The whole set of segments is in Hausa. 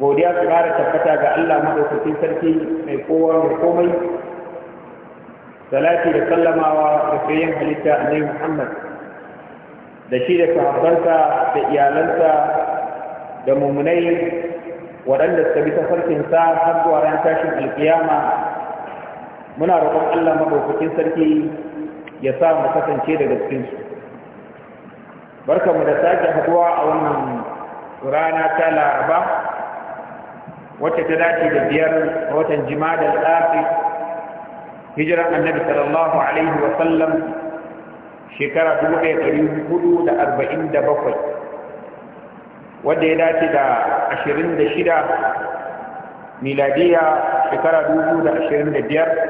godiya su ƙara tabbata ga Allah maɗaukakin sarki mai kowa mai komai salati da sallamawa da sayan halitta a nai Muhammad da shi da sahabbansa da iyalansa da mummunai waɗanda suka bi tafarkinsa har zuwa ran tashin alkiyama muna roƙon Allah maɗaukakin sarki ya sa mu kasance da gaskinsu. barkamu da sake haɗuwa a wannan rana ta laraba wacce ta dace da biyar a watan jimada da akhir hijiran annabi sallallahu alaihi wa sallam shekara 1447 wadda ya dace da 26 miladiya shekara 2025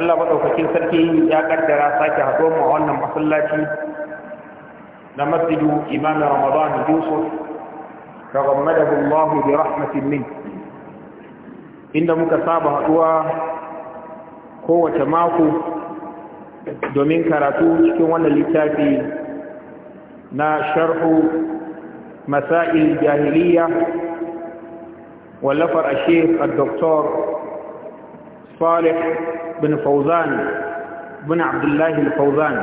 Allah maɗaukakin sarki ya kaddara sake haɗuwa a wannan masallaci na masjidu imam Ramadan Yusuf فغمده الله برحمة منه عندما كتاب هو قوة ماكو دومين كاراتو شكو وانا لتاكي نا شرح مسائل الجاهلية ولفر الشيخ الدكتور صالح بن فوزان بن عبد الله الفوزان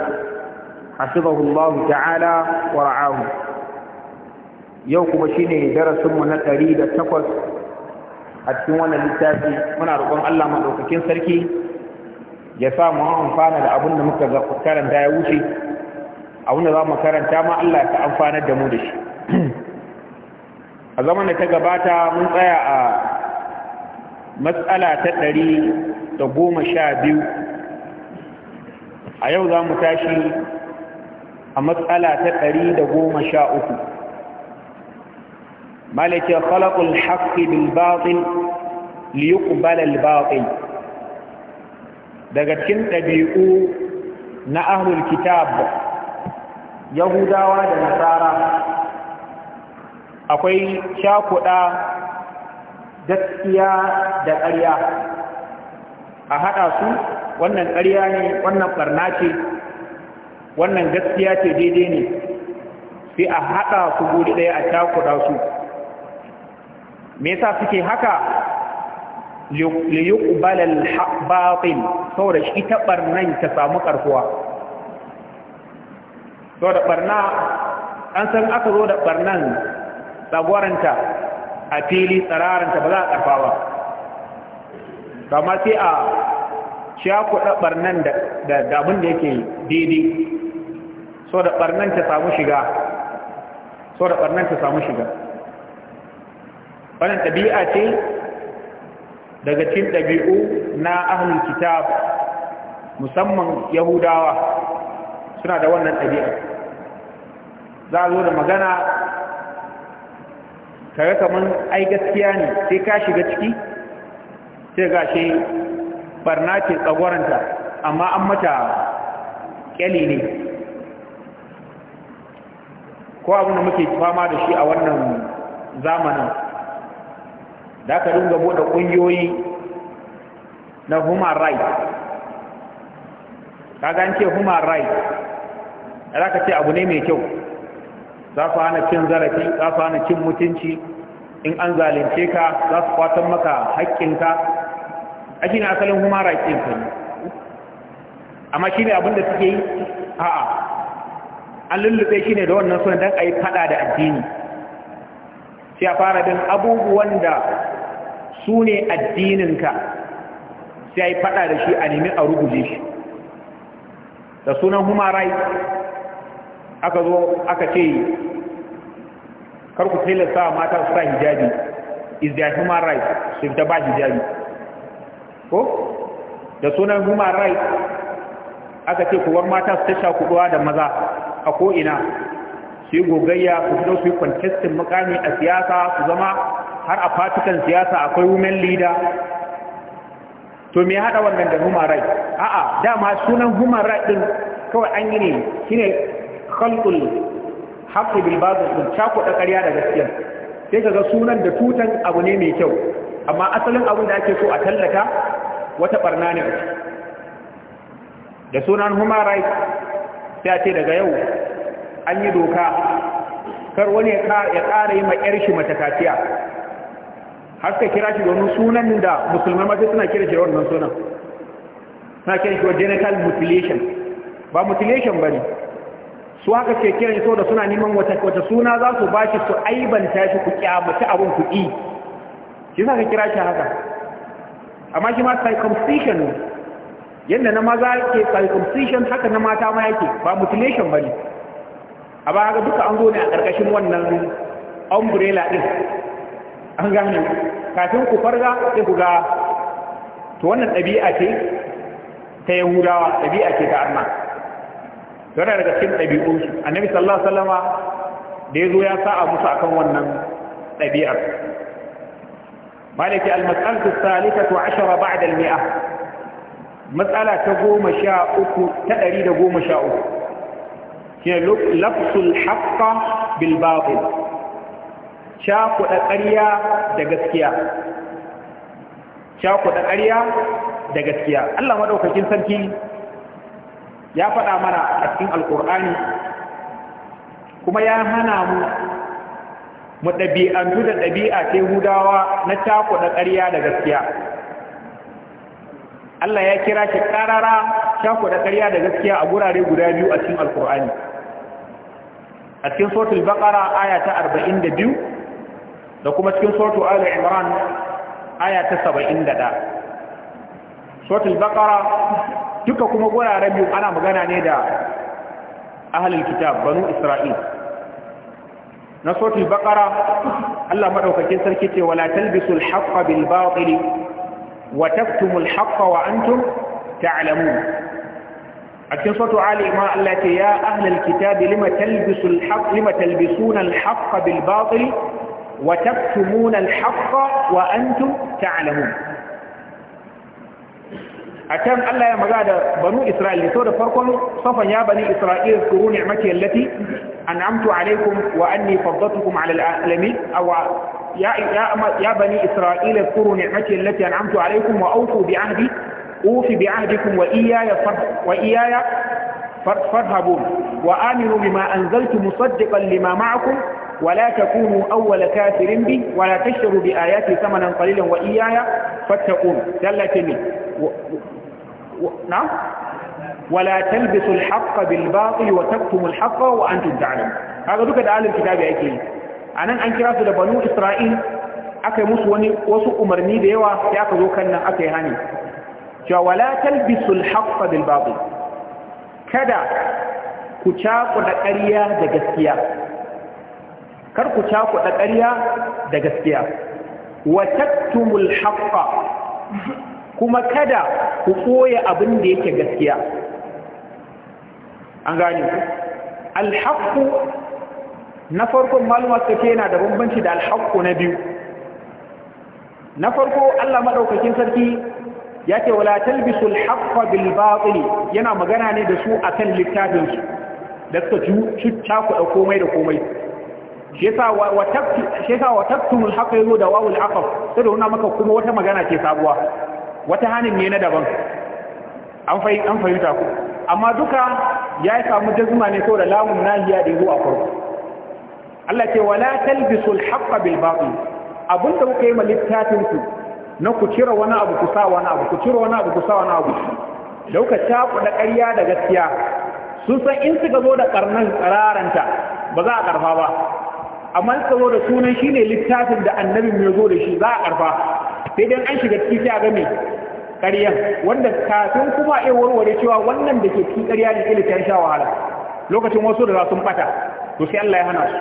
حفظه الله تعالى ورعاه yau kuma shine darasinmu na ɗari da takwas a cikin wannan littafi muna roƙon Allah maɗaukakin sarki ya sa mu amfana da abin da muka karanta ya wuce abin da za mu karanta ma Allah ta amfana da mu da shi a zaman da ta gabata mun tsaya a matsala ta ɗari da goma sha biyu a yau za mu tashi a matsala ta ɗari da goma sha uku malaka khalaqul haqqi bil batil liyuqbala daga cikin ɗabi'u na ahlul kitab yahudawa da nasara akwai shakuɗa gaskiya da ƙarya a haɗa su wannan ƙarya ne wannan ɓarna ce wannan gaskiya ce daidai ne sai a haɗa su guri ɗaya a shakuɗa su me yasa suke haka li batil saboda shi ta barnan ta samu karkuwa saboda barna an san aka zo da barnan tsagwaranta a fili tsararanta ba za a karfa ba kama sai a shakuɗa barnan da damun da yake daidai so da barnan ta samu shiga so da barnan ta samu shiga wannan ɗabi'a ce daga cikin ɗabi'u na ahlul kitab musamman yahudawa suna da wannan ɗabi'a za a zo da magana kare kamar ai gaskiya ne sai ka shiga ciki sai ga shi barna ce tsagwaranta amma an mata kyali ne ko abin da muke fama da shi a wannan zamanin da ka dinga buɗe ƙungiyoyi na human rights kaga an ce human rights za ka ce abu ne mai kyau za su hana cin zarafi za su hana cin mutunci in an zalunce ka za su kwatan maka haƙƙinka a shi ne asalin human rights ɗin ka amma shi ne abinda suke yi a'a an lullube shi ne da wannan suna don a yi faɗa da addini sai a fara bin abubuwan da su ne addininka sai a yi fada da shi a nemi a rubuje shi da sunan humarai aka zo aka ce karku tilasta mata su sa hijabi is their human right su fita ba hijabi ko da sunan human right aka ce kuwar mata su ta kuduwa da maza a ko'ina su gogayya ku fito su yi contestin a siyasa su zama har a fatikan siyasa akwai women leader to me haɗa wannan da human right a'a dama sunan human right din kawai an yi ne shine khalqul haqqi bil batil din cakuɗa ƙarya da gaskiya sai kaga sunan da tutan abu ne mai kyau amma asalin abin da ake so a tallata wata barna ne da sunan human right sai a ce daga yau an yi doka kar wani ya ƙara yi ma'yar shi mata kaciya har ka kira shi domin sunan da musulman mace suna kira shi wannan sunan suna kira shi wa genital mutilation ba mutilation ba ne su haka ke kira shi da suna neman wata suna za su ba shi su aibanta shi ku kyamata abin kuɗi shi za ka kira shi haka amma shi ma circumcision ne yadda na maza ke circumcision haka na mata ma yake ba mutilation ba ne a ba ga duka an zo ne a ƙarƙashin wannan umbrella ɗin an gane kafin ku farga sai ku ga to wannan ɗabi'a ce ta yahudawa ɗabi'a ce ta arna yana daga cikin su. annabi sallallahu alaihi wasallama da ya zo ya sa'a musu akan wannan ɗabi'ar malaki al-mas'alatu thalithatu 10 ba'da al-mi'ah mas'ala ta 13 ta 113 shi lafsul haqqa bil batil cakuɗa ƙarya da gaskiya cakuɗa ƙarya da gaskiya Allah maɗaukakin sarki ya faɗa mana a cikin alƙur'ani kuma ya hana mu mu ɗabi'antu da ɗabi'a ce hudawa na cakuɗa ƙarya da gaskiya Allah ya kira shi ƙarara cakuɗa ƙarya da gaskiya a gurare guda biyu a cikin alƙur'ani a cikin suratul baƙara aya ta 42 da kuma cikin suratul ali imran aya ta 71 suratul baƙara duka kuma gurare biyu ana magana ne da ahlul kitab banu isra'il na suratul baƙara Allah madaukakin sarki ce wala talbisul haqqa bil batil wa taktumul haqqa wa antum a cikin sautu ali imam Allah ce ya ahlal kitabi lima talbisul haqq lima talbisuna al-haqq bil batil wa taktumuna al-haqq wa antum ta'lamun akan Allah ya magana da banu Isra'il so da farkon safan ya bani Isra'il kuru ni'mati allati an'amtu alaykum wa anni faddatukum 'ala al-alamin aw ya ya bani Isra'il kuru ni'mati allati an'amtu alaykum wa awfu bi 'ahdi أوفي بعهدكم وإياي وإياي فارهبون وآمنوا بما أنزلت مصدقا لما معكم ولا تكونوا أول كافر به ولا تشتروا بآياتي ثمنا قليلا وإياي فاتقون ثلاثة نعم ولا تلبسوا الحق بالباطل وتكتموا الحق وأنتم تعلمون هذا دوك ده الكتاب الكتاب أكيد أنا أنكر كراس بنو إسرائيل aka musu wani wasu umarni da yawa ya ka Jawala talbisul haqqa bil kada ku da ƙarya da gaskiya kar ku da ƙarya da gaskiya wa taktumul haqqa kuma kada ku koya abin da yake gaskiya an gane ku alhaqqu na farkon malumar take yana da bambanci da alhaqqu na biyu na farko Allah madaukakin sarki ya ce wala talbisu al-haqqa bil batil yana magana ne da su akan littafin su da suka cucca ku da komai da komai shi yasa wa tafti shi yasa wa taftum al-haqqa yaro da wawul aqaf sai da maka kuma wata magana ce sabuwa wata hanin ne na daban an fahimta an fahimta ku amma duka ya yi samu jazuma ne saboda lamun nahiya da zuwa farko Allah ce wala talbisu al-haqqa bil batil abinda kuka yi ma littafin ku na ku cire wani abu ku sa wani abu ku cire wani abu ku sa wani abu dauka da ƙarya da gaskiya sun san in suka zo da karnan tsararanta ba za a ƙarfa ba amma suka zo da sunan shi ne littafin da annabin mai zo da shi za a karfa sai dai an shiga cikin sai a game ƙaryan wanda kafin kuma iya warware cewa wannan da ke cikin ƙarya ne ke littafin sha wahala lokacin wasu da za sun fata, to sai Allah ya hana su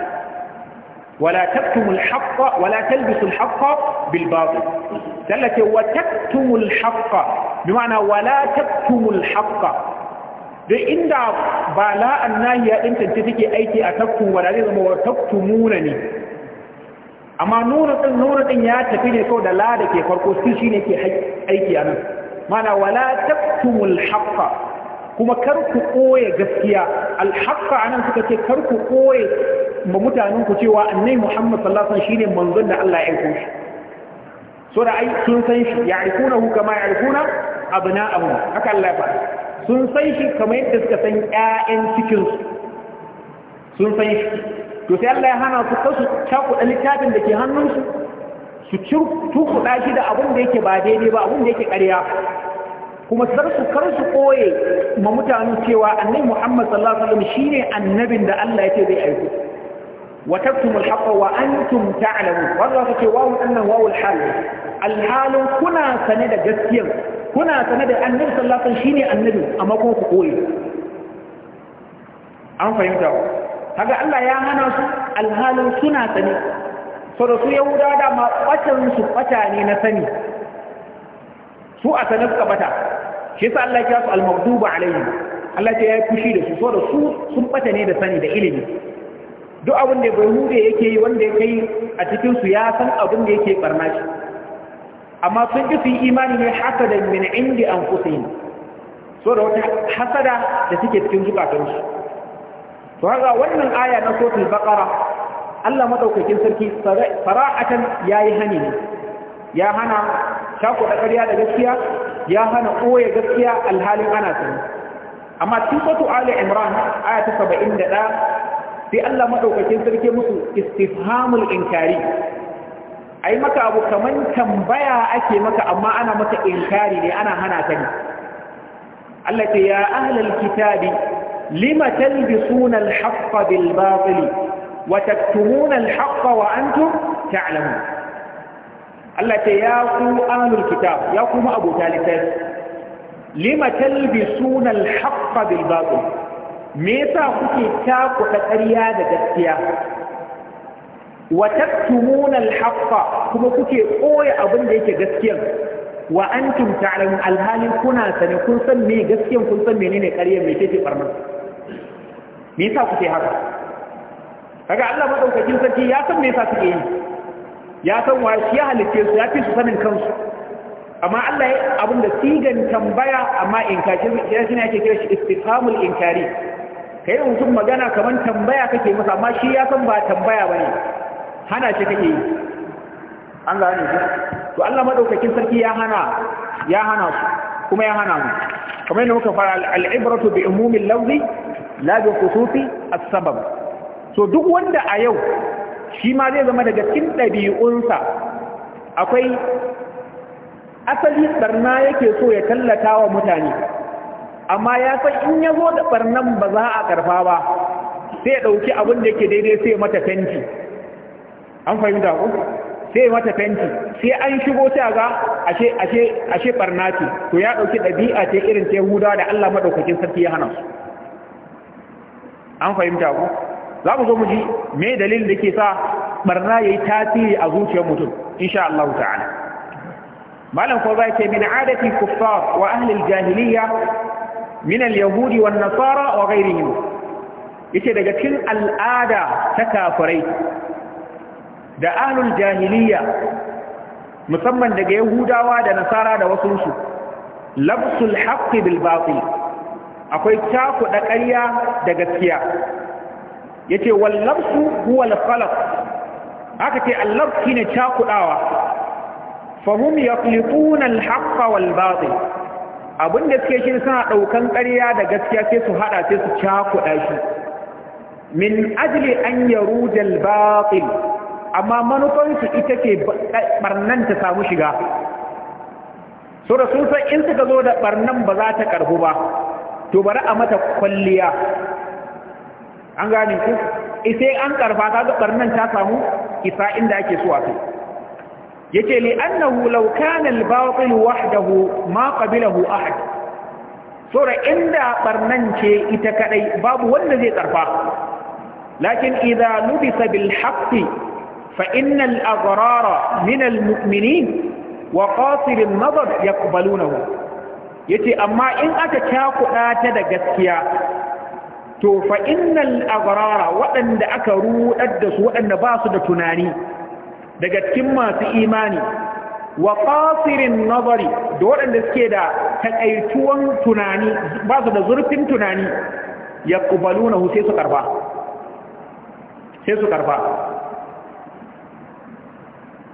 ولا تكتموا الحق ولا تلبسوا الحق بالباطل ثلاثة وتكتموا الحق بمعنى ولا تكتموا الحق da inda ba la'an nahiya ɗin ta take aiki a takku wala zai zama wa takku nuna ne amma nuna ɗin nuna ɗin ya tafi ne kawai da la da ke farko su shine ke aiki a nan mana wala taktumul haqqa kuma kar ku koye gaskiya alhaqqa anan suka ce kar ku koye ma mutanen ku cewa annai Muhammad sallallahu alaihi wasallam shine manzon da Allah ya aiko shi so da ai sun san shi ya'rifunahu kama ya'rifuna abna'ahum haka Allah ya faɗa sun san shi kamar yadda suka san ƴaƴan cikin su sun san shi to sai Allah ya hana su kasu cakuɗa littafin da ke hannunsu su tukuɗa shi da abin da yake ba daidai ba abin da yake ƙarya kuma sarku kar su koye ma mutane cewa annabi Muhammad sallallahu alaihi wasallam shine annabin da Allah yake zai aiko wa taktumu al-haqqa wa antum ta'lamun wallahi kace wawu annan wawu al-hal al-hal kuna sane da gaskiya? kuna sane da annabi sallallahu alaihi wasallam shine annabi amma kuma ku koye an fahimta kaga Allah ya hana su al-hal suna sane so da su yahudawa da ma batan su bata ne na sani su a sanar suka bata shi yasa Allah ya kira su al-maghduba alaihim Allah ya yi fushi da su so da su sun bata ne da sani da ilimi duk abin da bai hude yake yi wanda ya kai a cikin su ya san abin da yake barna shi amma sun ki su yi imani ne haka da min indi an kusayin so da wata hasada da suke cikin zukatansu to haka wannan aya na sotul bakara Allah madaukakin sarki sara'atan yayi hani ne ya hana ta kuɗa ƙarya da gaskiya ya hana ɓoye gaskiya alhalin ana sani amma cikin ali imran aya ta saba'in da ɗaya sai allah maɗaukakin sarki musu istifhamul inkari ai maka abu kamar tambaya ake maka amma ana maka inkari ne ana hana ta ne Allah ce ya ahlal kitabi lima talbisuna al-haqqa bil batil wa taktumuna al-haqqa wa antum ta'lamun Allah ce ya ku ahlul kitab ya kuma abota littafi lima talbisuna al-haqqa bil batil me yasa kuke takuta ƙarya da gaskiya wa taktumuna al-haqqa kuma kuke koya abin da yake gaskiya? wa antum ta'lamun al-hali kuna sane kun san me gaskiya kun san menene ƙaryan me take barna me yasa kuke haka kaga Allah madaukakin sarki ya san me yasa kuke yi ya san wa shi ya halitte su ya fi su sanin kansu amma Allah ya abin da sigan tambaya amma inkaci ya shi ne ake kira shi istifhamul inkari kai da mutum magana kamar tambaya kake masa amma shi ya san ba tambaya bane hana shi kake yi an gane shi to Allah madaukakin sarki ya hana ya hana su kuma ya hana mu kamar yadda muka fara al-ibratu bi umumil lafzi la bi khususi as-sabab so duk wanda a yau shi ma zai zama daga cikin ɗabi'unsa akwai asali barna yake so ya tallata wa mutane amma ya san in ya zo da barnan ba za a karfa ba sai ya ɗauki abin da yake daidai sai mata fenti an fahimta ku sai mata fenti sai an shigo ta ga ashe ashe ashe barna ce to ya ɗauki ɗabi'a ce irin ce huda da Allah madaukakin sarki ya hana su an fahimta ku za mu zo mu ji me dalilin da ke sa barna yayi tasiri a zuciyar mutum insha Allah ta'ala malam ko zai ce min adati kuffar wa ahli al-jahiliyya min al-yahudi wan nasara wa ghayrihim yace daga cikin al'ada ta kafirai da ahlul jahiliyya musamman daga yahudawa da nasara da wasu su labsul haqqi bil batil akwai cakuɗa ƙarya da gaskiya yace ce labsu huwa al khalaq aka ce al labs cakudawa fahim hum yaqlituna al haqq wal da suke shi suna daukan ƙarya da gaskiya sai su hada sai su cakuda shi min ajli an yaruja al amma manufansu ita ke barnan ta samu shiga so da sun san in suka zo da barnan ba za ta karbu ba to bari a mata kwalliya an gane ku eh, sai an karba ta ga barnan ta samu isa inda ake so a kai yace li annahu law kana al-batil wahdahu ma qabilahu ahad sura inda barnan ce ita kadai babu wanda zai karfa lakin idza nubisa bil haqqi fa inna al-aghrara min al-mu'minin wa qatir an-nadar yaqbalunahu yace amma in aka cakuɗa ta da gaskiya to fa innal abrara waɗanda aka ruɗar da su waɗanda ba su da tunani daga cikin masu imani wa qasirin nazari da waɗanda suke da takaituwan tunani ba su da zurfin tunani yaqbalunahu sai su karba sai su karba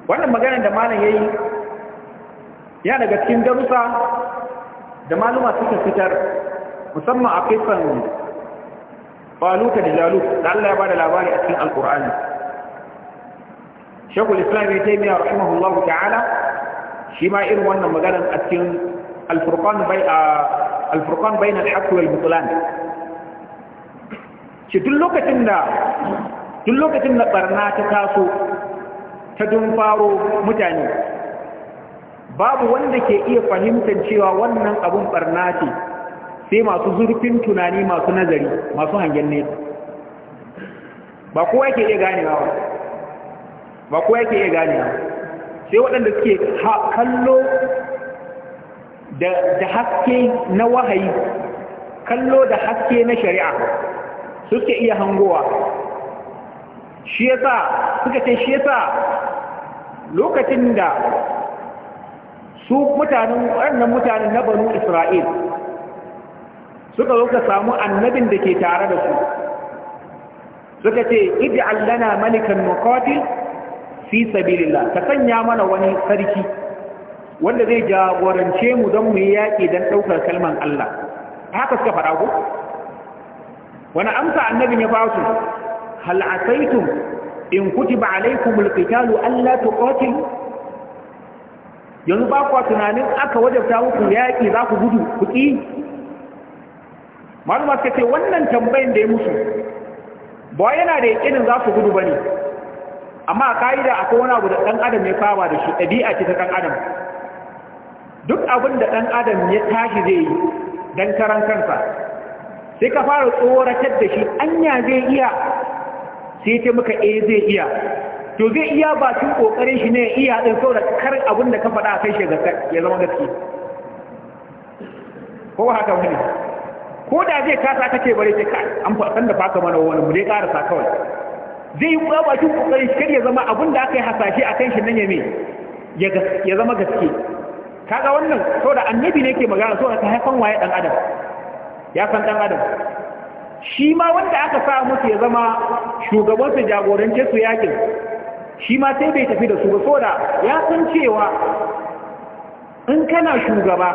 wannan maganar da malam yayi ya daga cikin darussa da maluma suka fitar musamman a kisan faluka da jalut da Allah ya bada labari a cikin alqur'ani shekul islam ibn taymiya rahimahullahu ta'ala shi ma irin wannan maganar a cikin Alfurkan bai alfurqan bain alhaq wal butlan shi duk lokacin da duk lokacin da barna ta taso ta dun faro mutane babu wanda ke iya fahimtar cewa wannan abun barna ce sai masu zurfin tunani masu nazari masu hangen nesa ba kowa yake iya ganewa ba ba kowa yake iya ganewa sai waɗanda suke kallo da haske na wahayi kallo da haske na shari'a suke iya hangowa shi yasa suka ce shi yasa lokacin da su mutanen waɗannan mutanen na banu isra'il suka zo ka samu annabin da ke tare da su suka ce iji allana malikan muqatil fi sabilillah ta sanya mana wani sarki wanda zai jagorance mu don mu yi yaƙi don ɗaukar kalman Allah haka suka faɗa ku wani amsa annabin ya ba su hal asaitum in kutiba alaikumul qitalu alla tuqatilu yanzu ba ku tunanin aka wajabta muku yaƙi za ku gudu ku malama suka ce wannan tambayin da ya musu ba yana da yakinin za su gudu bane amma a ka'ida akwai wani abu da ɗan adam ya fama da shi ɗabi'a ce ta ɗan adam duk abin da ɗan adam ya tashi zai yi don karan kansa sai ka fara tsoratar da shi anya zai iya sai ta muka e eh, zai iya to zai iya ba bakin kokarin shi ne iya ɗin sau da karin abin da ka faɗa a kai shi ya zama gaske ko haka wani ko da zai kasa kake bare ke kai an fasan da faka mana wani mu dai karasa kawai zai yi kuma bakin kokari shi ya zama abin da aka yi hasashe a kan shi nan ya me ya zama gaske kaga wannan saboda annabi ne ke magana saboda ta haifan waye dan adam ya san dan adam shi ma wanda aka sa musu ya zama shugaban su jagorance su yakin shi ma sai bai tafi da su ba saboda ya san cewa in kana shugaba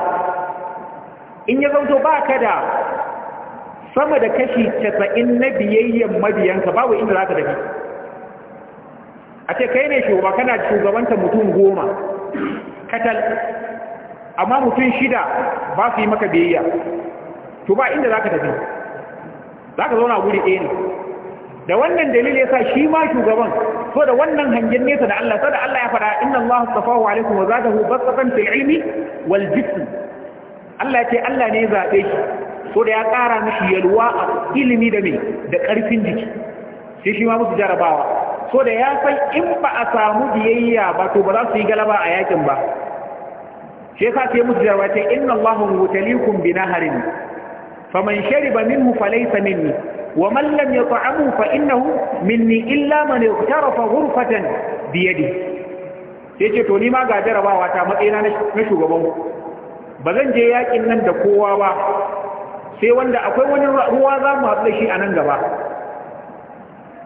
in ya zauto ba ka da sama da kashi casa'in na biyayyen mabiyanka babu inda za ka dafi a ce kai ne shugaba kana shugabanta mutum goma katal amma mutum shida ba su yi maka biyayya to ba inda za ka tafi za ka zauna wuri ɗaya ne da wannan dalil ya sa shi ma shugaban so da wannan hangen nesa da Allah sada Allah ya faɗa inna Allah tafahu alaikum wa zadahu basatan fil ilmi wal jism Allah ya ce Allah ne zaɓe shi ko da ya ƙara mishi yalwa a ilimi da mai da ƙarfin jiki sai shi ma musu jarabawa so da ya san in ba a samu biyayya ba to ba za su yi galaba a yakin ba shi yasa sai musu jarabawa ce inna allahu mutalikum bi naharin faman shariba minhu falaysa minni ومن لم minni illa مني إلا من اغترف غرفة sai ce to ni ma ga jarabawa ta matsayina na shugaban ba zan je yakin nan da kowa ba sai wanda akwai wani ruwa za mu haɗu shi a nan gaba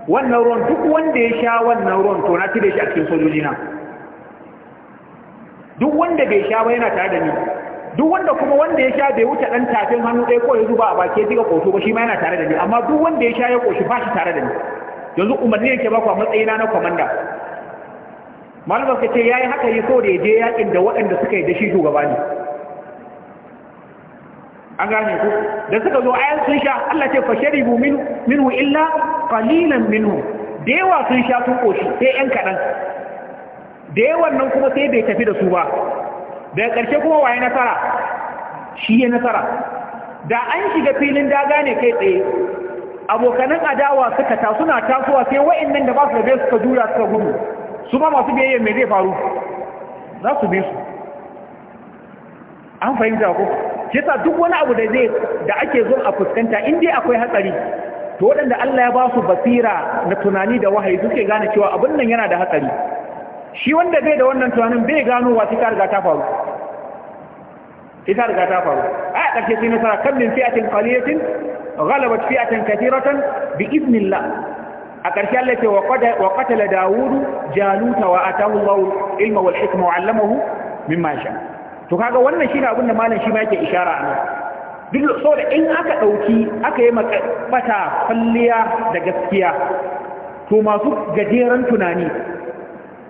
wannan ruwan duk wanda ya sha wannan ruwan to na tire shi a cikin sojoji na duk wanda bai sha ba yana tare da ni duk wanda kuma wanda ya sha bai wuce dan tafin hannu ɗaya ko ya zuba a baki ya jiga koto ba shi ma yana tare da ni amma duk wanda ya sha ya koshi ba shi tare da ni yanzu umarni yake ba ku a matsayina na kwamanda malamar ka ce ya yi haka yi so da ya je yakin da waɗanda suka yi da shi shugaba ne an gane ku da suka zo ayan sun sha Allah ce fasharibu minhu minhu illa qalilan minhu da yawa sun sha sun koshi sai yan kadan da yawan nan kuma sai bai tafi da su ba daga karshe kuma waye nasara shi ya nasara da an shiga filin daga ne kai tsaye abokanan adawa suka ta suna tasowa sai wa'annan da ba su da bai suka jura suka gudu su ba masu biyayya me zai faru za su bi su an fahimta ko shi yasa duk wani abu da zai da ake zo a fuskanta in dai akwai hatsari to waɗanda Allah ya ba su basira na tunani da wahayi suke gane cewa abin nan yana da hatsari shi wanda bai da wannan tunanin bai gano wa sai ta riga ta faru sai ta riga ta faru a ƙarshe sai nasara kan min fi'atin qaliyatin ghalabat fi'atan kathiratan bi idnillah a ƙarshe Allah ce wa qatala Dawud jaluta wa atahu Allah ilma wal hikma wa 'allamahu mimma sha'a to kaga wannan shine abin da malam shi ma yake ishara a nan duk da in aka dauki aka yi bata falliya da gaskiya to masu gajeren tunani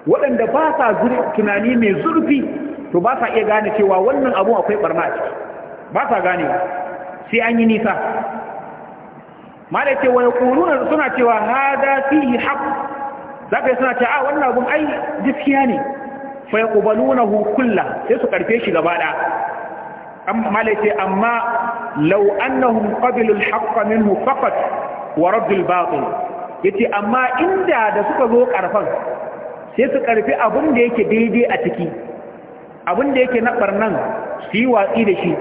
waɗanda ba sa tunani mai zurfi to ba sa iya gane cewa wannan abu akwai barna a ciki ba sa gane sai an yi nisa mala ce wani suna cewa hada fihi haku. za ka yi suna cewa a wannan abun ai gaskiya ne fa yaqbalunahu kulla sai su karfe shi gaba da amma laifi amma law annahum qabilu al-haqq wa raddu al-batil yace amma inda da suka zo ƙarfan sai su ƙarfe abin da yake daidai a ciki abin da yake na barnan su yi watsi da shi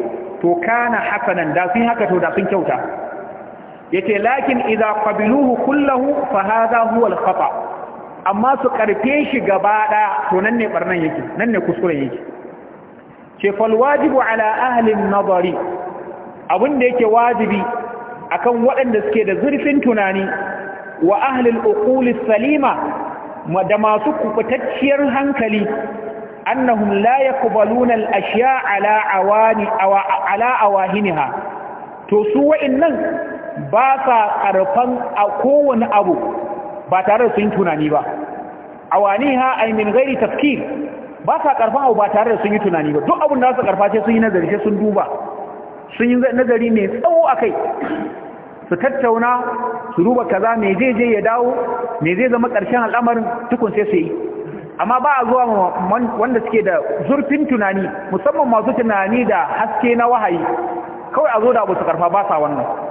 to kana hasanan da sun haka to da sun kyauta yace lakin idan qabiluhu kullahu fa hadha huwa al amma su karfe shi gaba ɗaya to nan ne ɓarnan yake nan ne kuskuren yake ce falwajibu ala ahalin nazari abin da yake wajibi akan waɗanda suke da zurfin tunani wa ahalin Ukulis salima da masu kubutacciyar hankali annahum la yaqbaluna ashiya ala to su nan ba sa karfan a kowane abu ba tare da sun tunani ba ha ay min gairi tafkir ba sa karfa abu ba tare da sun yi tunani ba duk abin da su karfa ce sun yi nazari ce sun duba sun yi nazari mai tsawo akai su tattauna su duba kaza me zai je ya dawo me zai zama karshen al'amarin tukun sai su yi amma ba a zuwa wanda suke da zurfin tunani musamman masu tunani da haske na wahayi kawai a zo da abu su karfa ba sa wannan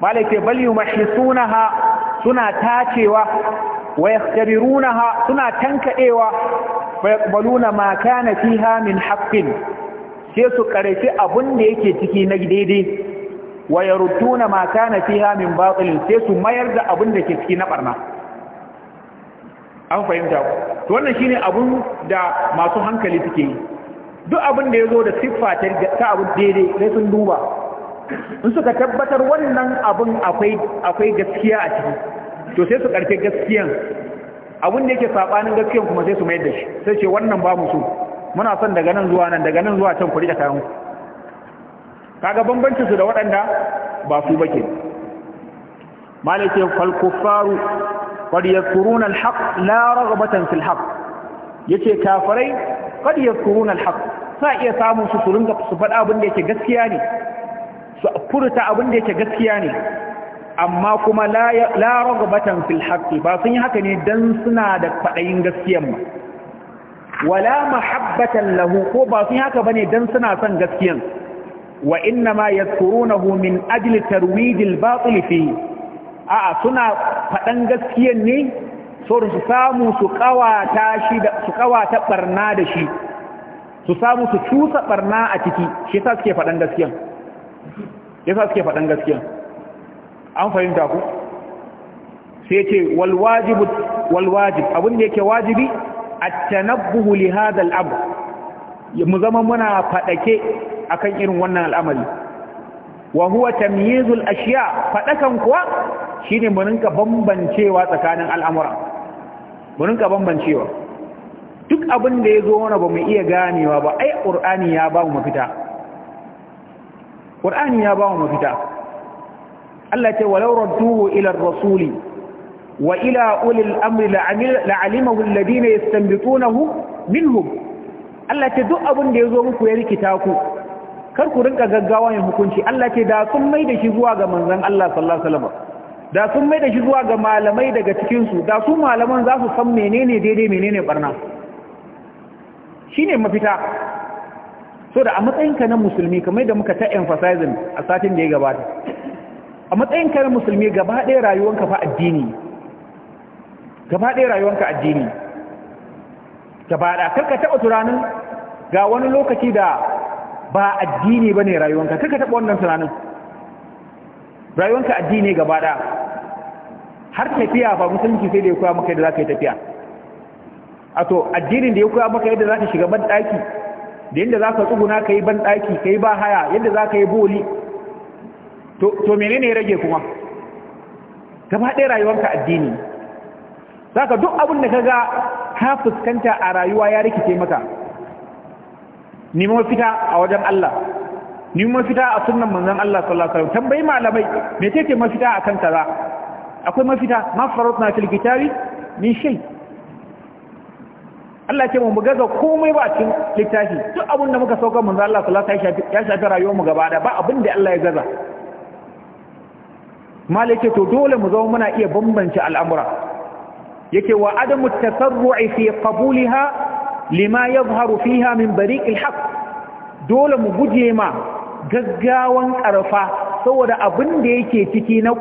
malaka bal yumahisunaha suna tacewa wa yakhtabirunaha suna tankadewa fa yaqbaluna ma kana fiha min haqqin sai su karfi abun da yake ciki na daidai wa yarudduna ma kana fiha min batil sai su mayar da abun da ke ciki na barna an fahimta to wannan shine abun da masu hankali suke yi duk abin da yazo da siffa ta abun daidai sai sun duba in suka tabbatar wannan abin akwai gaskiya a ciki to sai su karfe gaskiyan abin da yake sabanin gaskiyan kuma sai su mayar da shi sai ce wannan ba mu so muna son daga nan zuwa nan daga nan zuwa can ku rika kayan kaga bambancin su da waɗanda ba su bake malike fal kuffaru qad yakuruna al haqq la raghbatan fil haqq yace kafirai qad yakuruna al haqq sa iya samun su su ringa su faɗa abin da yake gaskiya ne su furta abin da yake gaskiya ne amma kuma la ragbatan fil haqqi ba sun yi haka ne dan suna da kwadayin gaskiyan ba wala mahabbatan lahu ko ba sun yi haka bane dan suna son gaskiyan wa inna ma yadhkurunahu min ajli tarwid al batil fi a suna fadan gaskiyan ne so su samu su kawata shi da su kawata barna da shi su samu su cusa barna a ciki shi yasa suke fadan gaskiyan yasa suke faɗan gaskiya an fahimta ku sai ce wal wal wajib abin da yake wajibi a tanabbuhu li hadal abu. mu zama muna faɗake akan irin wannan al'amari wa huwa tamyizul ashiya faɗakan kuwa shine mu rinka bambancewa tsakanin al'amura mu rinka bambancewa duk abin da zo mana ba mu iya ganewa ba ai qur'ani ya ba mu mafita ƙur'ani ya ba mu mafita Allah ce walau radduhu ilar rasuli wa ila ulil amri la'alimahu alladhina yastanbitunahu minhu Allah ce duk abin da zo muku ya rikita ku kar ku rinka gaggawa yin hukunci Allah ce da sun mai da shi zuwa ga Allah sallallahu da sun mai da shi zuwa ga malamai daga cikinsu. da su malaman za su san menene daidai menene barna shine mafita so da a matsayinka na musulmi kamar da muka ta emphasizing a satin da ya gabata a matsayinka na musulmi gaba ɗaya rayuwanka fa addini gaba ɗaya rayuwanka addini gaba ɗaya karka taɓa tunanin ga wani lokaci da ba addini ba ne rayuwanka kanka taɓa wannan tunanin rayuwanka addini gaba ɗaya har tafiya ba musulunci sai da ya koya maka yadda za ka yi tafiya a to addinin da ya koya maka yadda za ka shiga ban ɗaki da yadda za ka tsuguna ka yi banɗaki ka yi ba haya yadda za ka yi boli to menene rage kuma gaba ɗaya rayuwarka addini za ka duk abin da ka ga ka fuskanta a rayuwa ya rikice maka neman fita a wajen Allah neman fita a sunan manzan Allah sallallahu alaihi tambayi malamai me take mafita akan kaza akwai mafita ma faratna fil kitabi min shay' Allah ce mu gaza komai ba cikin littafi duk abin da muka saukar manzo Allah sallallahu alaihi wasallam ya shafi rayuwar mu gaba da ba abin da Allah ya gaza malike to dole mu zama muna iya bambance al'amura yake wa adamu tasarru'i fi qabulha lima yadhharu fiha min bariqil haqq dole mu guje ma gaggawan karfa saboda abin da yake ciki na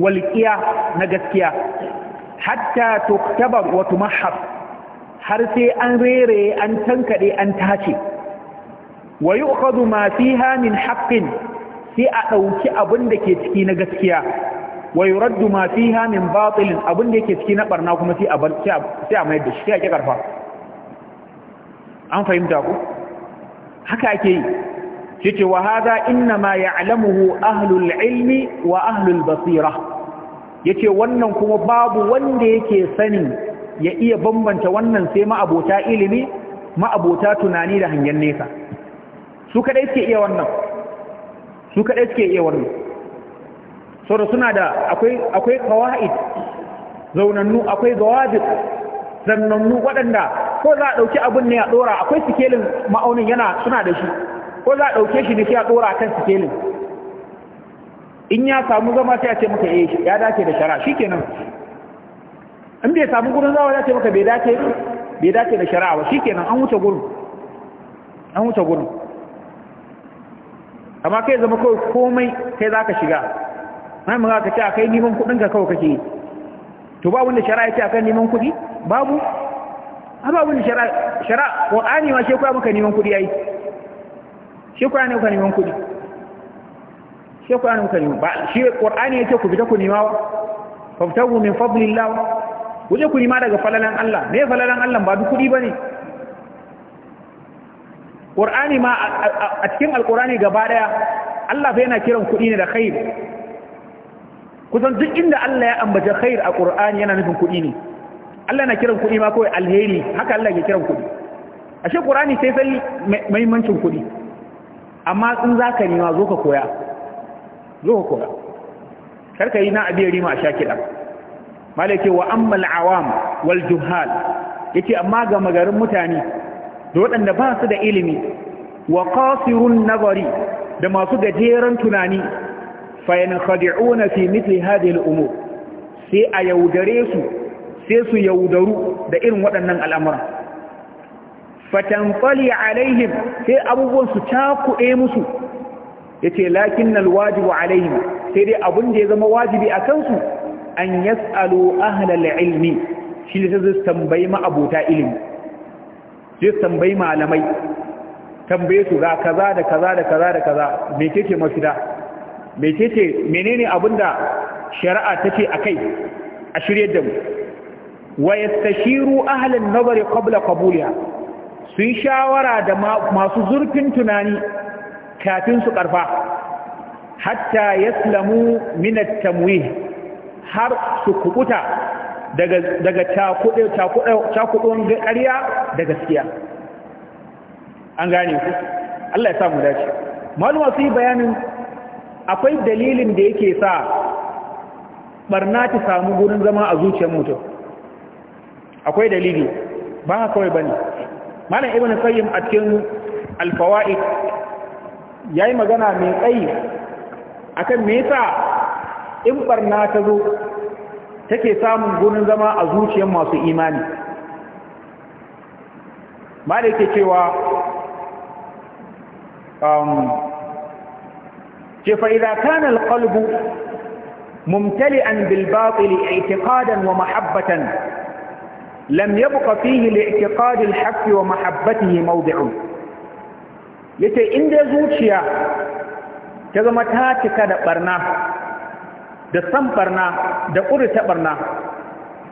walqiya na gaskiya hatta tuktabar wa tumahhab har sai an rere an tankade an tace wa yu'khadhu ma fiha min haqqin sai a dauki abin da ke ciki na gaskiya wa yuraddu ma fiha min batil abin da yake ciki na barna kuma sai a sai a mai da shi sai a karfa an fahimta ku haka ake yi yace wa hada inna ma ya'lamuhu ahlul ilmi wa ahlul basira yace wannan kuma babu wanda yake sanin ya iya bambanta wannan sai ma'abota ilimi ma'abota tunani da hangen nesa su kadai suke iya wannan su kadai suke iya wannan saboda suna da akwai akwai zaunannu akwai gawabi zannannu waɗanda ko za a ɗauki abin ne a ɗora akwai sikelin ma'aunin yana suna da shi ko za a ɗauke shi ne sai a ɗora kan sikelin in ya samu zama sai a ce maka eh ya dace da shara shikenan in bai samu gurin zawa ya ce maka bai dace bai dace da shari'a ba shikenan an wuce gurin an wuce gurin amma kai zama kawai komai kai za ka shiga mai mun ka ce a kai neman kudin ka kawai kake yi to babu wanda shari'a ce akan neman kudi babu amma abin shari'a shari'a qur'ani ma shekwa maka neman kudi ai shekwa ne maka neman kudi shekwa ne maka neman ba shi qur'ani yake ku fita ku nema wa faftahu min fadlillah kuje ku nima daga falalan Allah me falalan Allah ba duk kudi bane Qur'ani ma a cikin Al-Qur'ani gaba daya Allah fa yana kiran kudi ne da khair kusan duk inda Allah ya ambata khair a Qur'ani yana nufin kudi ne Allah na kiran kudi ma kawai alheri haka Allah ke kiran kudi ashe Qur'ani sai sai muhimmancin kudi amma in zaka nima zo ka koya zo ka koya karka yi na abiyari ma a sha kiɗa Malaki wa ammal awam wal juhal yace amma ga magarin mutane da waɗanda ba su da ilimi wa qasirun nazari da masu gajeren tunani fa yankhadi'una fi mithli hadhihi al umur sai a yaudare su sai su yaudaru da irin waɗannan al'amura fatanfali alaihim sai abubuwan su cakuɗe musu yace lakinnal wajibu alaihim sai dai abunda da ya zama wajibi a kansu an yas'alu ahlal ilmi shi ne zai tambayi ma'abuta ilimi zai tambayi malamai tambaye su ga kaza da kaza da kaza da kaza me kike mafida me kike menene abinda shari'a take akai a shiryar da mu wa yastashiru ahlan nazari qabla qabuliha su yi shawara da masu zurfin tunani kafin su karfa hatta yaslamu min at-tamwih har su kubuta daga cakudon ƙarya da gaskiya an gane ku Allah ya samu dace maluma su yi bayanin akwai dalilin da yake sa barna ta samu gurin zama a zuciyar mutum akwai dalili ba kawai ba bane malam ibn qayyim a cikin alfawa'i ya yi magana mai tsayi akan me yasa in ɓarna ta zo take samun gunin zama a zuciyar masu imani ba da cewa um, ce fa’iza kanal kalbu mumtali an bilbaɓil aikikadan wa mahabbatan lam yi bukafihi laikikadin haƙi wa mahabbati yi maubi’un in dai zuciya ta zama ta cika da ɓarna da san barna da ƙurita barna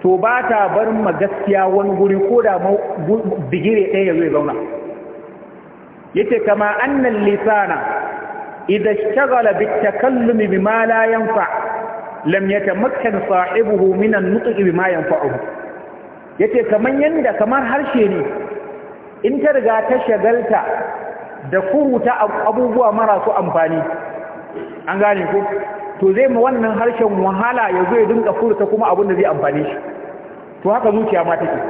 to ba ta bar ma gaskiya wani guri ko da bigire ɗaya zai zauna yace kama annan lisana idan shagala bi takallumi la yanfa lam yatamakkan sahibuhu min an-nutqi bima yanfa'uhu yace kaman yanda kamar harshe ne in ta riga ta shagalta da kuruta abubuwa mara su amfani an gane ku. to zai ma wannan harshen wahala ya zo ya dinga furta kuma abin da zai amfane shi to haka zuciya ma take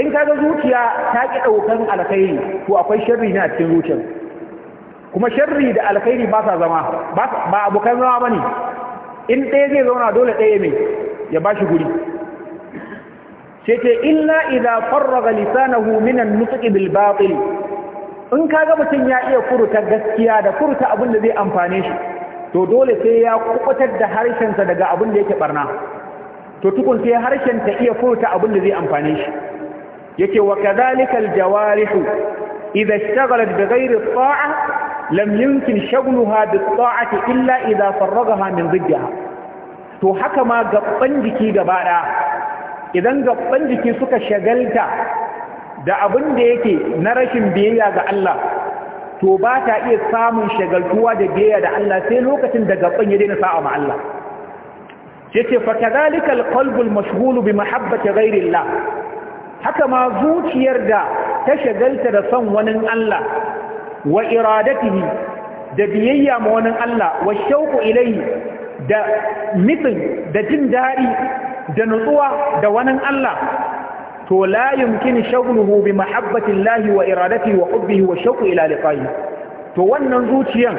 in ka ga zuciya ta ki daukan alkhairi to akwai sharri ne a cikin zuciyar kuma sharri da alkhairi ba sa zama ba abokan zama bane in ɗaya zai zauna dole ɗaya mai ya ba shi guri sai ce illa idza farraga lisanahu min an-nutqi bil batil in ka ga mutun ya iya furta gaskiya da furta abin da zai amfane shi to dole sai ya kubutar da harshensa daga abin da yake barna to tukun sai harshen ta iya furta abin da zai amfane shi yake wa kadhalika aljawarihu idha ishtaghalat bighayri at-ta'a lam yumkin shaghluha bit-ta'ati illa idha farragaha min dhiddiha to haka ma gaban jiki gaba da idan gaban jiki suka shagalta da abin da yake na rashin biyayya ga Allah to ba ta iya samun shagaltuwa da biyayya da Allah sai lokacin da gaban ya daina sa'a ma Allah yace fa kadhalika alqalbul mashghul bi mahabbati ghayrillah haka ma zuciyar da ta shagalta da son wani Allah wa iradatihi da biyayya ma wani Allah wa shauqu ilayhi da mitin da jin dadi da nutsuwa da wani Allah to la yumkin shaghluhu bi mahabbati wa iradati wa hubbihi wa shauqi ila liqa'i to wannan zuciyan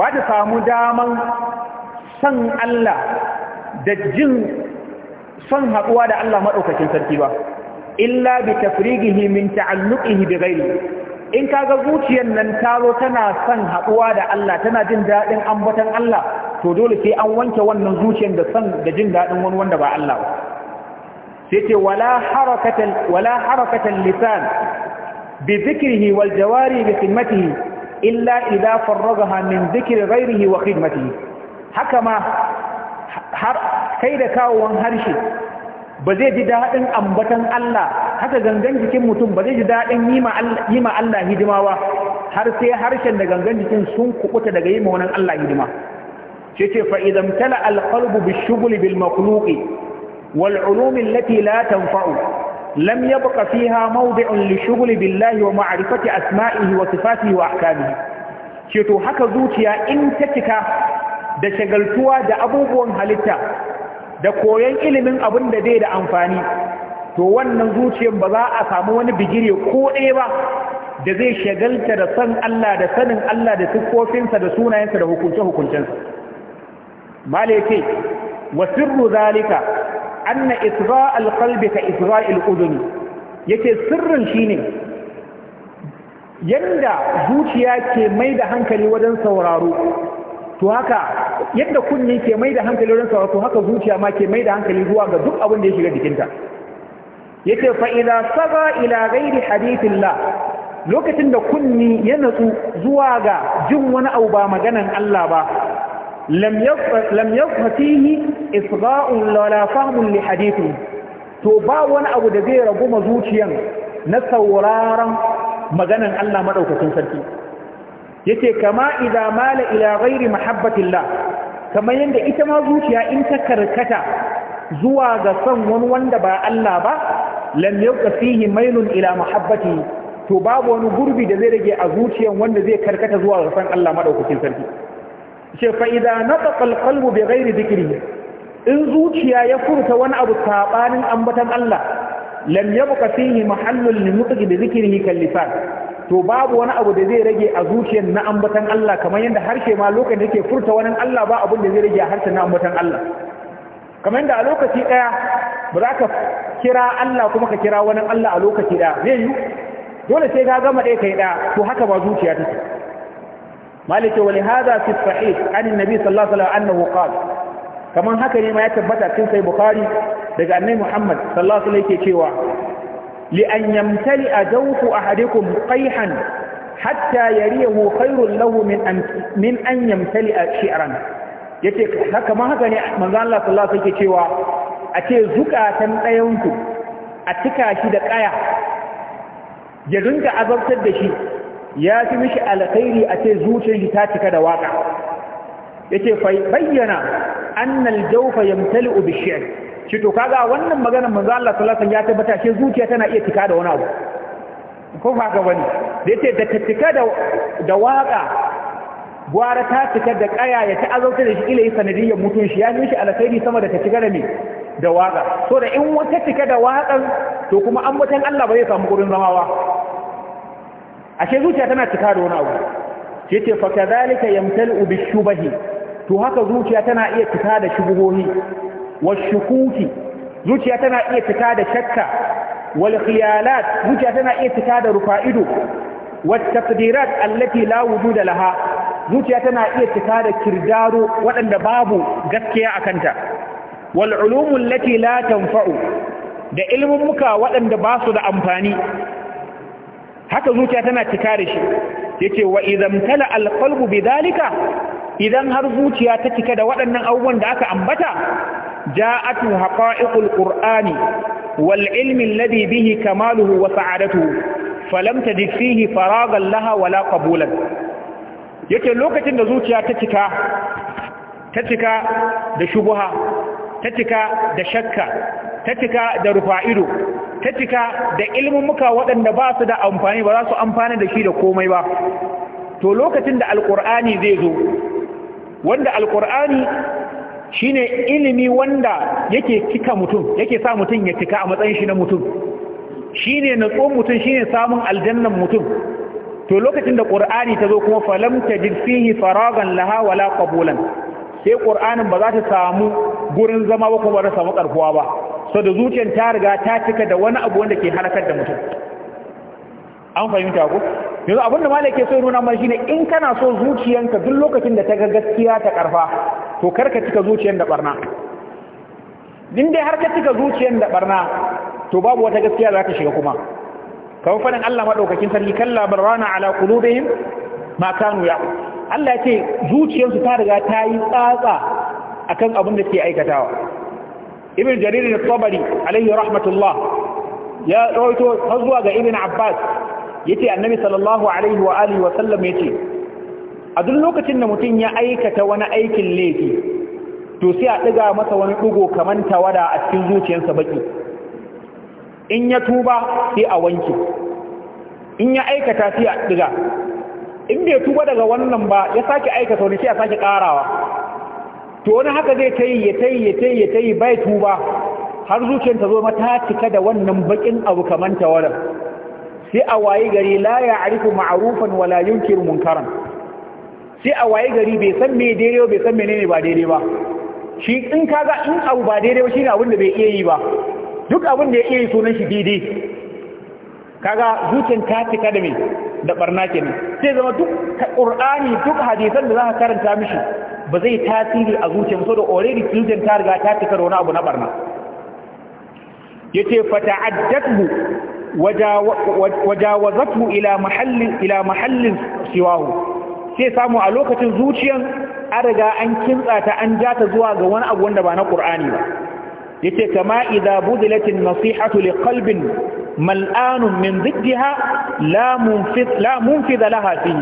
ba ta samu daman san Allah da jin son haɗuwa da Allah madaukakin sarki ba illa bi tafrigihi min ta'alluqihi bi ghairi in kaga zuciyar nan zo tana son haɗuwa da Allah tana jin daɗin ambaton Allah to dole sai an wanke wannan zuciyar da son da jin daɗin wani wanda ba Allah ba sai wala harakatan wala harakatan lisan bi dhikrihi wal jawari bi khidmatihi illa idha farragaha min dhikri ghayrihi wa khidmatihi haka ma kai da kawowan harshe ba zai ji daɗin ambatan Allah haka gangan jikin mutum ba zai ji daɗin yi ma Allah hidima ba har sai harshen da gangan jikin sun kukuta daga yi ma wannan Allah hidima ce ce fa'idan tala alƙalbu bi shuguli bil makhluki والعلوم التي لا تنفع لم يبق فيها موضع للشغل بالله ومعرفة أسمائه وصفاته وأحكامه ceto haka zuciya in ta cika da shagaltuwa da abubuwan halitta da koyon ilimin abun da zai da amfani to wannan zuciyar ba za a samu wani bigiri ko ɗaya ba da zai shagalta da san Allah da sanin Allah da siffofinsa da sunayensa da hukunce-hukuncensa mala yake wa sirru zalika anna isra alqalbi ka isra al'uduni yake sirrin shine yanda zuciya ke mai da hankali wajen sauraro to haka yadda kunni ke mai da hankali wajen sauraro to haka zuciya ma ke mai da hankali zuwa ga duk abin da ya shiga jikinta yake fa idza saga ila ghairi hadithillah lokacin da kunni ya natsu zuwa ga jin wani abu ba maganan Allah ba lam yafatihi isba'un wala fahmun li to ba wani abu da zai ragu ma zuciyan na sauraron maganan Allah madaukakin sarki yace kama idan mala ila ghairi mahabbatillah kamar yadda ita ma zuciya in ta karkata zuwa ga son wani wanda ba Allah ba lam yabqa fihi mailun ila mahabbati to babu wani gurbi da zai rage a zuciyan wanda zai karkata zuwa ga son Allah maɗaukakin sarki ce fa'ida na tsakal kalmu bai gairi zikiri in zuciya ya furta wani abu saɓanin ambatan Allah lam ya buka fihi mahallul limutuki da zikiri kallifan to babu wani abu da zai rage a zuciyar na ambatan Allah kamar yadda harshe ma lokacin da ke furta wani Allah ba abin da zai rage a harshe na ambatan Allah kamar yadda a lokaci ɗaya ba za ka kira Allah kuma ka kira wani Allah a lokaci ɗaya zai yi dole sai ka gama ɗaya kai ɗaya to haka ba zuciya take مالك ولهذا في الصحيح عن النبي صلى الله عليه وسلم أنه قال كمان هكذا ما يتبت في سي بخاري دقى أني محمد صلى الله عليه وسلم كيوا لأن يمتلئ جوف أحدكم قيحا حتى يريه خير له من أن, من أن يمتلئ شعرا yace haka ma haka ne manzo Allah sallallahu alaihi wasallam yake cewa a ce zukatan ɗayanku a tika shi da kaya ya rinka azabtar da shi ya fi mishi alkhairi a ce zuciyar shi ta cika da waka yace fa bayyana annal jawfa yamtali'u bishi'r shi to kaga wannan maganar manzo Allah sallallahu alaihi wasallam ya tabbata shi zuciya tana iya cika da wani abu ko ba ga wani da yace da cika da da waka gwara ta cika da kaya ya ta azauta da shi ilai sanadiyyar mutun shi ya fi mishi alkhairi sama da ta cika da me da waka so da in wata cika da wakan to kuma an mutan Allah ba zai samu gurin zamawa. ashe zuciya tana cika da wani abu sai ce fa kadhalika yamtalu bi to haka zuciya tana iya cika da shubuhohi wa shukuki zuciya tana iya cika da shakka wal khiyalat zuciya tana iya cika da rufa'idu wa taqdirat allati la wujuda laha zuciya tana iya cika da kirdaro waɗanda babu gaskiya a kanta wal ulumul lati la tanfa'u da ilmummuka waɗanda ba su da amfani haka zuciya tana cika da shi yace wa idan tala alqalbu bidalika idan har zuciya ta cika da waɗannan abubuwan da aka ambata ja'atu haqa'iqul qur'ani wal ilmi alladhi bihi kamaluhu wa sa'adatuhu falam tajid fihi faragan laha wala qabulan yace lokacin da zuciya ta cika ta cika da shubha ta cika da shakka ta cika da rufa'ido ta cika da ilmummuka waɗanda ba su da amfani ba za su amfani da shi da komai ba to lokacin da alƙur'ani zai zo wanda alƙur'ani shine ilimi wanda yake cika mutum yake sa mutum ya cika a matsayin shi na mutum shine natsuwan mutum shine samun aljannan mutum to lokacin da ƙur'ani ta zo kuma falam tajid fihi faragan laha wala qabulan sai ƙur'anin ba za ta samu gurin zama ba kuma ba ta samu ƙarfuwa ba so da zuciyar ta riga ta cika da wani abu wanda ke halakar da mutum an fahimta ku yanzu abinda malai ke so nuna mai shine in kana so zuciyanka duk lokacin da ta ga gaskiya ta karfa to karka cika zuciyan da barna din dai har ka cika zuciyan da barna to babu wata gaskiya za ta shiga kuma kamar fadin Allah madaukakin sarki kalla barana ala qulubihim ma kanu ya Allah ya ce zuciyarsu ta riga ta yi tsatsa akan abin da ke aikatawa ibn jarir al-tabari alaihi rahmatullah ya rawaito har zuwa ga ibn abbas yace annabi sallallahu alaihi wa alihi wa sallam yace a duk lokacin da mutum ya aikata wani aikin laifi to sai a diga masa wani dugo kaman tawada a cikin zuciyarsa baki in ya tuba sai a wanke in ya aikata sai a diga in bai tuba daga wannan ba ya sake aikata wani sai a sake karawa to wani haka zai ta yi ya ta yi ya ta yi ya ta yi bai tuba har zuciyar ta zo mata cika da wannan bakin abu kaman tawaran sai a wayi gari la ya arifu ma'arufan wala yunkir munkaran sai a wayi gari bai san me daidai bai san menene ba daidai ba shi in kaga in abu ba daidai ba shine abin da bai iya yi ba duk abin da ya iya yi sunan shi daidai kaga zuciyar ta cika da me da barna kenan sai zama duk qur'ani duk hadisan da za ka karanta mishi ba zai tasiri a zuciya musu da already children ta riga ta cika da wani abu na barna yace fata'addatu wajawazatu ila mahallin ila mahallin siwahu sai samu a lokacin zuciyan an riga an kintsa ta an ja ta zuwa ga wani abu wanda ba na Qur'ani ba yace kama idza budilatin nasihatu liqalbin mal'anun min ziddiha la munfid la munfid laha fi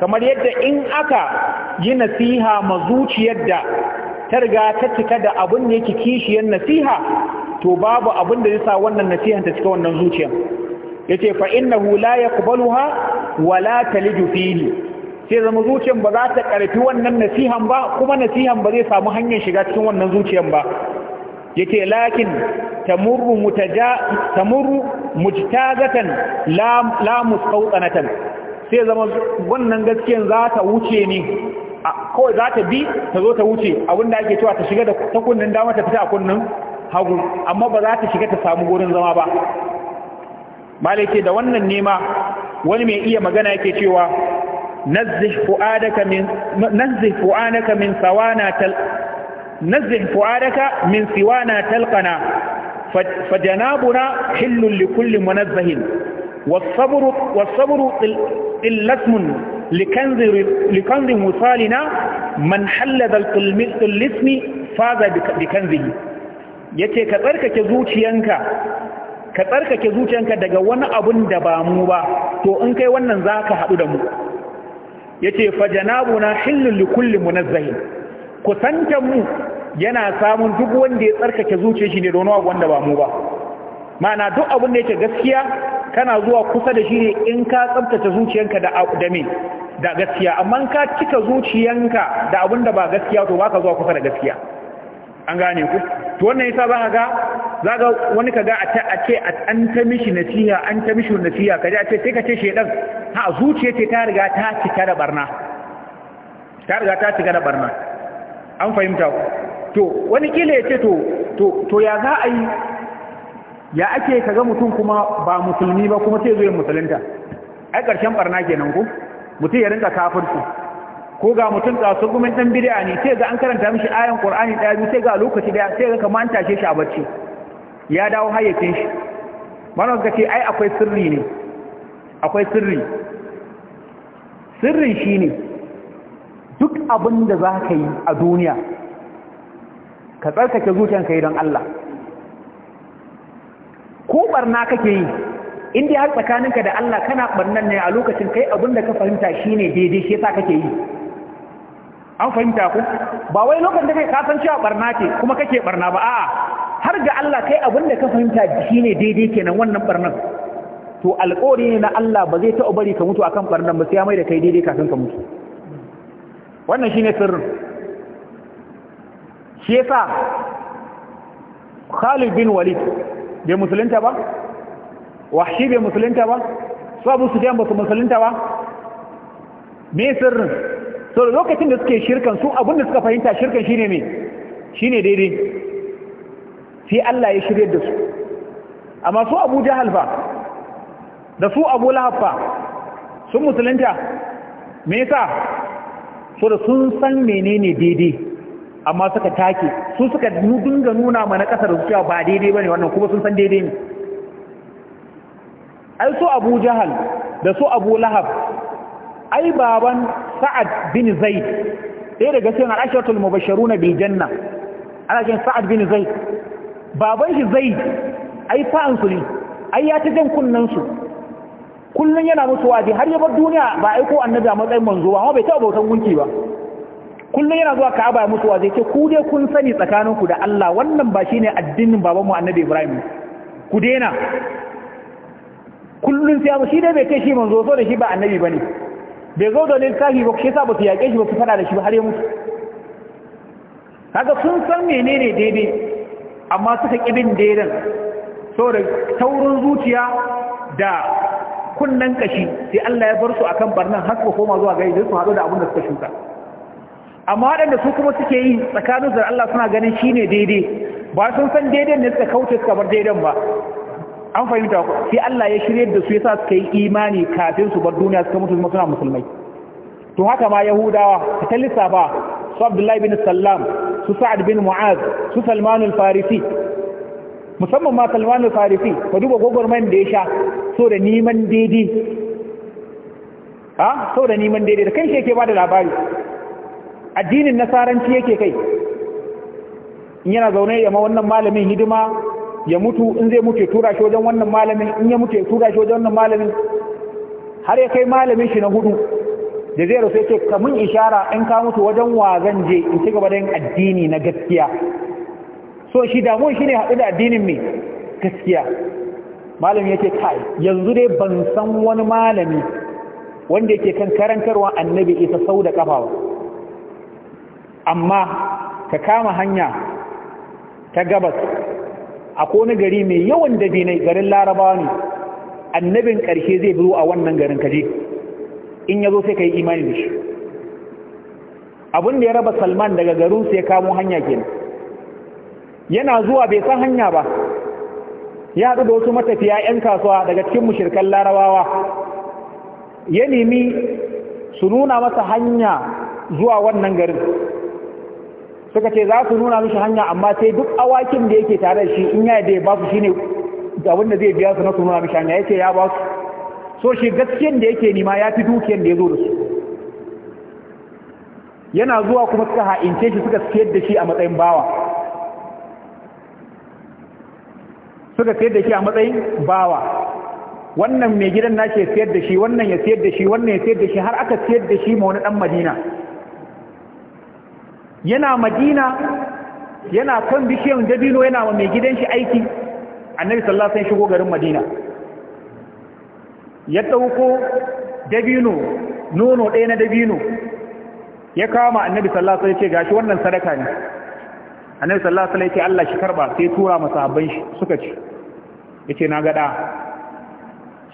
kamar yadda in aka yi nasiha ma zuciyar da ta riga ta cika da abin da yake kishiyar nasiha to babu abin da yasa wannan nasihan ta cika wannan zuciyar yace fa innahu la yaqbaluha wa la taliju fihi sai zama zuciyar ba za ta karfi wannan nasihan ba kuma nasihan ba zai samu hanyar shiga cikin wannan zuciyar ba yace lakin tamurru mutaja tamurru mujtazatan la la musqawtanatan sai zama wannan gaskiyar za ta wuce ne kawai za ta bi ta zo ta wuce da ake cewa ta shiga ta kunnin dama ta fita a kunnin hagu amma ba za ta shiga ta samu wurin zama ba malai da wannan nema wani mai iya magana yake cewa nazzih fu'adaka min min sawana tal nazzih fu'adaka min siwana talqana fajanabuna hillun likulli munazzahin was sabru was sabru likanzi musalina man hallada al-lismi faza bikanzihi yace ka tsarkake zuciyanka ka tsarkake zuciyanka daga wani abun da ba mu ba to in kai wannan zaka hadu da mu yace fa janabuna hillul likulli munazzahin kusantan mu yana samun duk wanda ya tsarkake zuciyar shi ne don wanda ba mu ba ma'ana duk abun da yake gaskiya kana zuwa kusa da shi ne in ka tsabtace zuciyanka da da me da gaskiya amma ka cika zuciyanka da abin da ba gaskiya to baka zuwa kusa da gaskiya an gane ku to wannan yasa za ka ga za wani ka ga a ta a ce an ta mishi nasiha an ta mishi nasiha ka ji a ce sai ka ce shedan ha zuciya ce ta riga ta cika da barna ta riga ta cika da barna an fahimta ku. to wani kile ya ce to to to ya za a yi ya ake kaga mutum kuma ba musulmi ba kuma sai zuwa musulunta ai ƙarshen barna kenan ku mutum ya rinka kafirci ko ga mutum su gumin ɗan bid'a ne sai ga an karanta mishi ayan qur'ani ɗaya biyu sai ga lokaci ɗaya sai ga kamar an tashe shi a bacci ya dawo hayyacin shi mana ka ce ai akwai sirri ne akwai sirri sirrin shi duk abin da za ka yi a duniya ka tsarkake zuciyanka yi don Allah ko barna kake yi in dai har tsakaninka da Allah kana barnan ne a lokacin kai abin da ka fahimta shine daidai shi yasa kake yi an fahimta ku ba wai lokacin da kai ka san cewa barna ce kuma kake barna ba a'a har ga Allah kai abin da ka fahimta shine daidai kenan wannan barnan to alƙori ne na Allah ba zai taɓa bari ka mutu akan barnan ba sai ya mai da kai daidai kafin ka mutu wannan shine sirrin shi yasa Khalid bin Walid bai musulunta ba wahshi bai musulunta ba su abu su ba su musulunta ba me sirrin so lokacin da suke shirkan su abinda suka fahimta shirkan shine me shine daidai sai Allah ya shirye da su amma su Abu Jahal fa da su Abu Lahab fa sun musulunta me yasa so da sun san menene daidai amma suka take su suka dinga nuna mana kasar cewa ba daidai bane wannan kuma sun san daidai ne ai su Abu Jahal da su Abu Lahab ai baban Sa'ad bin Zaid ɗaya daga cikin al'asharatul mubashshiruna bil janna ana cikin Sa'ad bin Zaid baban shi Zaid ai fa'an su ne ai ya ta jan kunnan su kullun yana musu waje har ya bar duniya ba ai aiko annabi a matsayin manzo ba amma bai taɓa bautan gunki ba kullum yana zuwa ka'aba ya mutuwa zai ce ku dai kun sani tsakaninku da Allah wannan ba shine addinin babanmu annabi Ibrahim ku daina kullum sai shi dai bai ce shi manzo so da shi ba annabi bane bai zo da lissafi ba shi yasa ba su yaƙe shi ba su fada da shi ba har ya mutu kaga sun san menene daidai amma suka kibin daidan saboda taurin zuciya da kunnan kashi sai Allah ya bar su akan barnan har su koma zuwa gari su haɗu da abin da suka shuka amma waɗanda su kuma suke yi tsakanin da Allah suna ganin shi ne daidai ba sun san daidai ne suka kauce suka bar daidan ba an fahimta ku sai Allah ya shirya da su yasa suka yi imani kafin su bar duniya suka mutu suna musulmai to haka ma yahudawa ta lissafa su Abdullahi bin Sallam su Sa'ad bin Mu'az su Salman al-Farisi musamman ma Salman al-Farisi ka duba man da ya sha so da neman daidai ha so da neman daidai da kan shi yake ba da labari addinin nasaranci yake kai in yana zaune ya ma wannan malamin hidima ya mutu in zai mutu ya tura shi wajen wannan malamin in ya mutu ya tura shi wajen wannan malamin har ya kai malamin shi na hudu da zai rasu yake mun ishara in ka mutu wajen wa zan je in ci gaba da yin addini na gaskiya so shi damuwa shi ne haɗu da addinin mai gaskiya malamin yake kai yanzu dai ban san wani malami wanda yake kan karantarwa annabi isa sau da kafawa amma ka kama hanya ta gabas a kone gari mai yawan dabinai garin larabawa ne annabin ƙarshe zai zo a wannan garin kaje in ya zo sai ka yi imani da shi da ya raba salman daga garin sai kamo hanya kenan yana zuwa bai san hanya ba ya haɗu da wasu matafiya 'yan kasuwa daga cikin mushirkan larabawa ya nemi su nuna masa hanya zuwa wannan garin suka ce za su nuna mishi hanya amma sai duk awakin da yake tare da shi in ya da ya ba su shine abin da zai biya su na su nuna mishi hanya yake ya ba su so shi gaskiyan da yake nima ya fi dukiyan da ya zo da su yana zuwa kuma suka ha'ince shi suka siyar da shi a matsayin bawa suka siyar da shi a matsayin bawa wannan mai gidan na ke siyar da shi wannan ya siyar da shi wannan ya siyar da shi har aka siyar da shi ma wani dan madina yana madina yana kan bishiyan dabino yana wa mai gidan shi aiki annabi sallallahu alaihi shigo garin madina ya dauko dabino nono ɗaya na dabino ya kama annabi sallallahu alaihi ce gashi wannan sadaka ne annabi sallallahu alaihi ce Allah shi karba sai tura masa abin shi suka ci yace na gada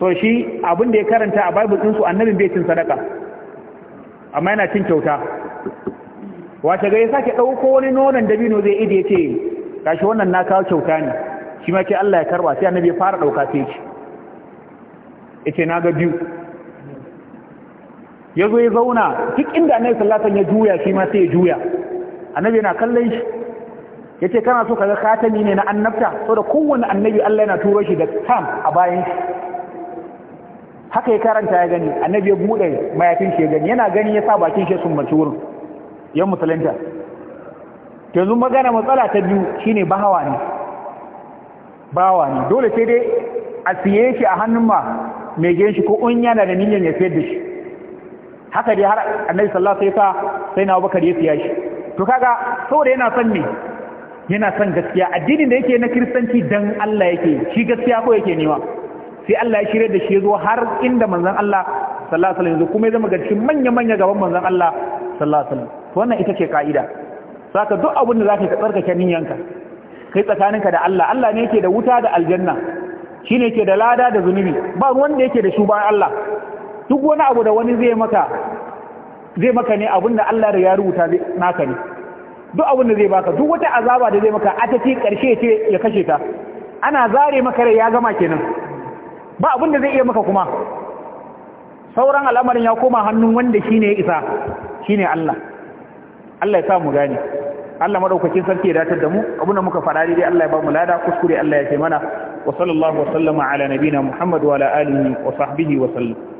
so shi abin da ya karanta a bible din su annabin bai cin sadaka amma yana cin kyauta wace ga ya sake ɗauko wani nonon dabino zai ide ce gashi wannan na kawo kyauta ne shi ma ce Allah ya karba sai annabi ya fara ɗauka sai ce yace na ga biyu ya zo ya zauna duk inda annabi sallallahu alaihi ya juya shi ma sai ya juya annabi yana kallon shi yace kana so kaga katami ne na annabta saboda kowanne annabi Allah yana turo shi da tam a bayan shi haka ya karanta ya gani annabi ya bude mayafin shi ya gani yana gani ya sa bakin shi sun mace wurin yan musulunta yanzu magana matsala ta biyu shine bahawa ne bawa ne dole sai dai a siye shi a hannun ma mai gen shi ko un yana da niyyar ya sayar da shi haka dai har annabi sallallahu alaihi wasallam sai na Abubakar ya siya shi to kaga saboda yana son ne yana son gaskiya addinin da yake na kristanci dan Allah yake shi gaskiya ko yake nema sai Allah ya shirye da shi zo har inda manzon Allah sallallahu alaihi wasallam kuma ya zama garkin manya-manya gaban manzon Allah sallallahu alaihi wasallam wannan ita ce ka'ida saka duk abin da zaka ka tsarkake niyyanka kai tsakaninka da Allah Allah ne yake da wuta da aljanna shine yake da lada da zunubi ba wanda yake da shi ba Allah duk wani abu da wani zai maka zai maka ne abin da Allah ya rubuta naka ne duk abin da zai baka duk wata azaba da zai maka a ta ce karshe ce ya kashe ta ana zare maka rai ya gama kenan ba abin da zai iya maka kuma sauran al'amarin ya koma hannun wanda shine isa shine Allah Allah ya sa mu gane Allah madaukakin sarki ya datar da mu abin da muka fara dai Allah ya ba mu lada kuskure Allah ya kai mana wa sallallahu wa sallama ala nabina Muhammad wa ala alihi wa sahbihi wa sallam